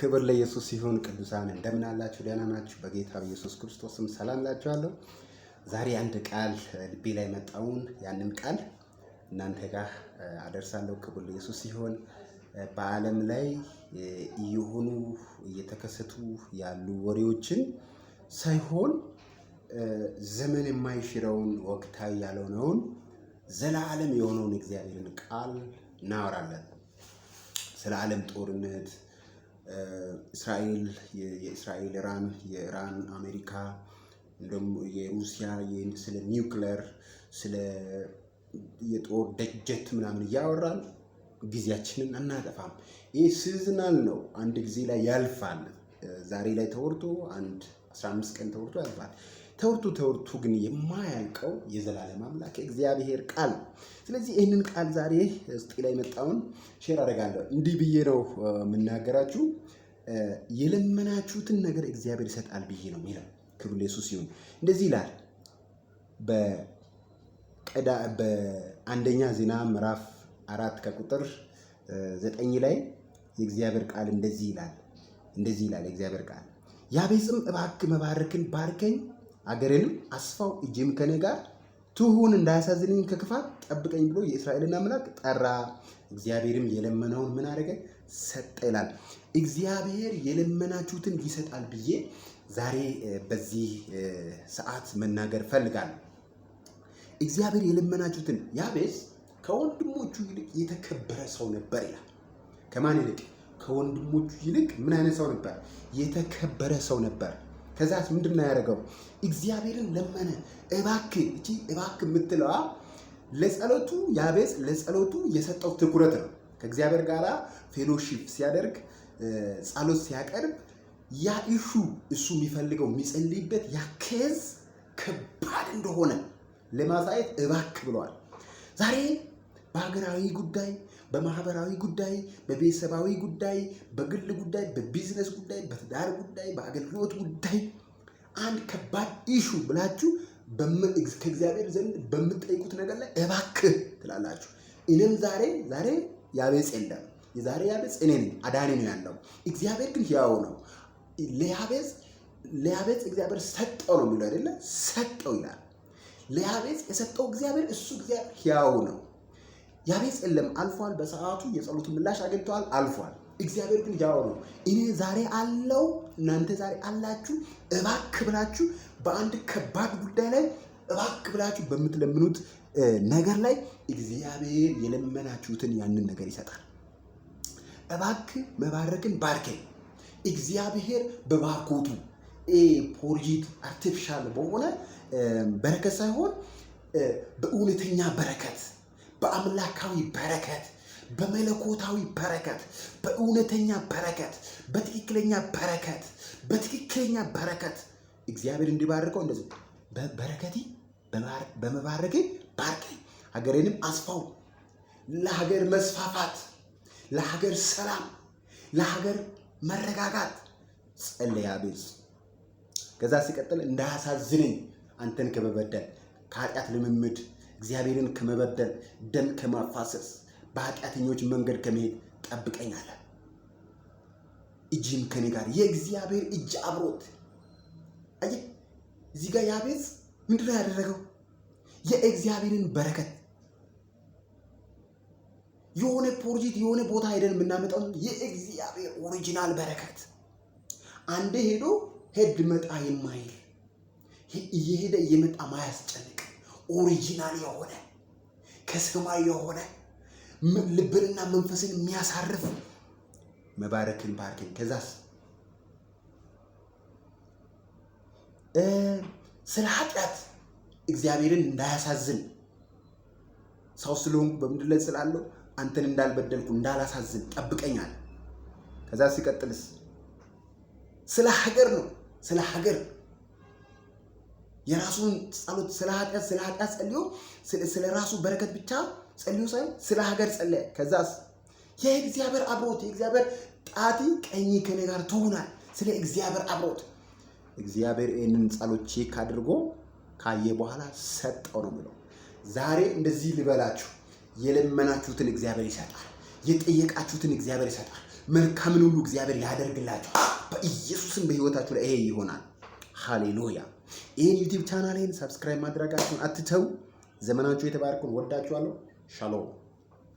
ክብር ለኢየሱስ ይሁን። ቅዱሳን እንደምን አላችሁ? ደህና ናችሁ? በጌታ በኢየሱስ ክርስቶስም ሰላም ላችኋለሁ። ዛሬ አንድ ቃል ልቤ ላይ መጣውን ያንን ቃል እናንተ ጋር አደርሳለሁ። ክብር ለኢየሱስ ይሁን። በዓለም ላይ እየሆኑ እየተከሰቱ ያሉ ወሬዎችን ሳይሆን ዘመን የማይሽረውን ወቅታዊ ያልሆነውን ዘላለም የሆነውን እግዚአብሔርን ቃል እናወራለን። ስለ ዓለም ጦርነት እስራኤል የእስራኤል ኢራን የኢራን አሜሪካ እንደውም የሩሲያ ስለ ኒውክሌር ስለ የጦር ደጀት ምናምን እያወራን ጊዜያችንን አናጠፋም። ይህ ሲዝናል ነው፣ አንድ ጊዜ ላይ ያልፋል። ዛሬ ላይ ተወርቶ አንድ 15 ቀን ተወርቶ ያልፋል። ተውርቱ ተውርቱ ግን የማያልቀው የዘላለም አምላክ እግዚአብሔር ቃል ስለዚህ ይህንን ቃል ዛሬ ውስጤ ላይ መጣውን ሼር አደርጋለሁ። እንዲህ ብዬ ነው የምናገራችሁ። የለመናችሁትን ነገር እግዚአብሔር ይሰጣል ብዬ ነው የሚለው። ክብር ለኢየሱስ ይሁን። እንደዚህ ይላል በአንደኛ ዜና ምዕራፍ አራት ከቁጥር ዘጠኝ ላይ የእግዚአብሔር ቃል እንደዚህ ይላል እንደዚህ ይላል የእግዚአብሔር ቃል ያቤጽም እባክህ መባርክን ባርከኝ አገሬንም አስፋው እጄም ከኔ ጋር ትሁን እንዳያሳዝንኝ ከክፋት ጠብቀኝ ብሎ የእስራኤልን አምላክ ጠራ። እግዚአብሔርም የለመነውን ምን አደረገ? ሰጠ ይላል። እግዚአብሔር የለመናችሁትን ይሰጣል ብዬ ዛሬ በዚህ ሰዓት መናገር ፈልጋል። እግዚአብሔር የለመናችሁትን ያቤስ ከወንድሞቹ ይልቅ የተከበረ ሰው ነበር ይላል። ከማን ይልቅ? ከወንድሞቹ ይልቅ ምን አይነት ሰው ነበር? የተከበረ ሰው ነበር። ከዛ ምንድን ነው ያደረገው? እግዚአብሔርን ለመነ። እባክ እቺ እባክ የምትለዋ ለጸሎቱ ያቤጽ ለጸሎቱ የሰጠው ትኩረት ነው። ከእግዚአብሔር ጋር ፌሎሺፕ ሲያደርግ ጸሎት ሲያቀርብ ያ ኢሹ እሱ የሚፈልገው የሚጸልይበት ያ ኬዝ ከባድ እንደሆነ ለማሳየት እባክ ብለዋል። ዛሬ በሀገራዊ ጉዳይ በማህበራዊ ጉዳይ፣ በቤተሰባዊ ጉዳይ፣ በግል ጉዳይ፣ በቢዝነስ ጉዳይ፣ በትዳር ጉዳይ፣ በአገልግሎት ጉዳይ አንድ ከባድ ኢሹ ብላችሁ ከእግዚአብሔር ዘንድ በምትጠይቁት ነገር ላይ እባክህ ትላላችሁ። እኔም ዛሬ ዛሬ ያቤጽ የለም። የዛሬ ያቤጽ እኔ ነኝ፣ አዳኔ ነው ያለው። እግዚአብሔር ግን ያው ነው። ለያቤጽ ለያቤጽ እግዚአብሔር ሰጠው ነው የሚለው አይደለ? ሰጠው ይላል። ለያቤጽ የሰጠው እግዚአብሔር እሱ እግዚአብሔር ያው ነው። ያቤጽ ጸለም አልፏል። በሰዓቱ የጸሎቱን ምላሽ አግኝተዋል፣ አልፏል። እግዚአብሔር ግን ያወሩ እኔ ዛሬ አለው፣ እናንተ ዛሬ አላችሁ። እባክ ብላችሁ በአንድ ከባድ ጉዳይ ላይ እባክ ብላችሁ በምትለምኑት ነገር ላይ እግዚአብሔር የለመናችሁትን ያንን ነገር ይሰጣል። እባክ መባረክን ባርከኝ። እግዚአብሔር በባርኮቱ ፖርጂት አርቲፊሻል በሆነ በረከት ሳይሆን በእውነተኛ በረከት በአምላካዊ በረከት በመለኮታዊ በረከት በእውነተኛ በረከት በትክክለኛ በረከት በትክክለኛ በረከት እግዚአብሔር እንዲባርከው እንደዚህ በበረከቴ በመባረኬ ባርከኝ፣ ሀገሬንም አስፋው። ለሀገር መስፋፋት፣ ለሀገር ሰላም፣ ለሀገር መረጋጋት ጸለያ ቤዝ ከዛ ሲቀጥል እንዳያሳዝነኝ አንተን ከበበደል ከኃጢአት ልምምድ እግዚአብሔርን ከመበደል፣ ደም ከማፋሰስ፣ በኃጢአተኞች መንገድ ከመሄድ ጠብቀኝ አለ። እጅም ከኔ ጋር የእግዚአብሔር እጅ አብሮት። አየህ እዚህ ጋር ያቤዝ ምንድነው ያደረገው? የእግዚአብሔርን በረከት የሆነ ፕሮጀክት የሆነ ቦታ ሄደን የምናመጣው የእግዚአብሔር ኦሪጂናል በረከት አንዴ ሄዶ ሄድ መጣ የማይል እየሄደ እየመጣ ማያስጨንቅ ኦሪጂናል የሆነ ከሰማይ የሆነ ልብንና መንፈስን የሚያሳርፍ መባረክን ባርክን። ከዛስ ስለ ኃጢአት እግዚአብሔርን እንዳያሳዝን ሰው ስለሆንኩ በምድር ላይ ስላለው አንተን እንዳልበደልኩ እንዳላሳዝን ጠብቀኛል። ከዛ ሲቀጥልስ ስለ ሀገር ነው። ስለ ሀገር የራሱን ጸሎት ስለ ኃጢአት ስለ ኃጢአት ጸልዮ ስለ ራሱ በረከት ብቻ ጸልዮ ሳይሆን ስለ ሀገር ጸለየ። ከዛስ የእግዚአብሔር አብሮት የእግዚአብሔር ጣቲ ቀኝ ከኔ ጋር ትሆናል። ስለ እግዚአብሔር አብሮት እግዚአብሔር ይህንን ጸሎት ቼክ አድርጎ ካየ በኋላ ሰጠው ነው ብለው። ዛሬ እንደዚህ ልበላችሁ፣ የለመናችሁትን እግዚአብሔር ይሰጣል። የጠየቃችሁትን እግዚአብሔር ይሰጣል። መልካምን ሁሉ እግዚአብሔር ያደርግላችኋል። በኢየሱስም በህይወታችሁ ላይ ይሄ ይሆናል። ሃሌሉያ ይህን ዩቲዩብ ቻናሌን ሰብስክራይብ ማድረጋችሁን አትተው። ዘመናችሁ የተባረከውን ወዳችኋለሁ። ሻሎም